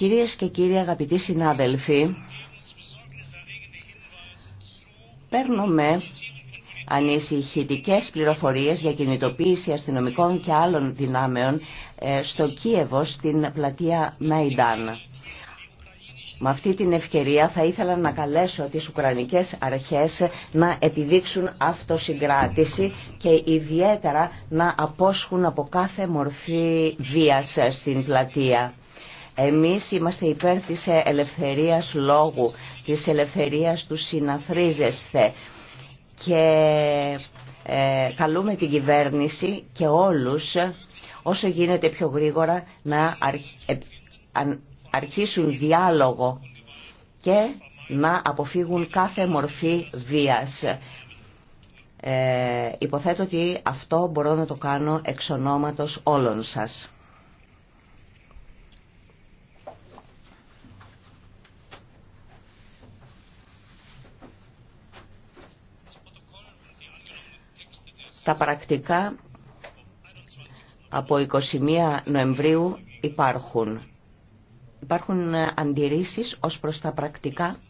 Κυρίες και κύριοι αγαπητοί συνάδελφοι, παίρνουμε ανησυχητικές πληροφορίες για κινητοποίηση αστυνομικών και άλλων δυνάμεων ε, στο Κίεβο στην πλατεία Μαϊντάν. Με αυτή την ευκαιρία θα ήθελα να καλέσω τις Ουκρανικές αρχές να επιδείξουν αυτοσυγκράτηση και ιδιαίτερα να απόσχουν από κάθε μορφή βίας ε, στην πλατεία. Εμείς είμαστε υπέρ της ελευθερίας λόγου, της ελευθερίας του συναθρίζεσθε και ε, καλούμε την κυβέρνηση και όλους όσο γίνεται πιο γρήγορα να ε, αρχίσουν διάλογο και να αποφύγουν κάθε μορφή βίας. Ε, υποθέτω ότι αυτό μπορώ να το κάνω εξ όλων σας. Τα πρακτικά από 21 Νοεμβρίου υπάρχουν. Υπάρχουν ε, αντιρρήσεις ως προς τα πρακτικά.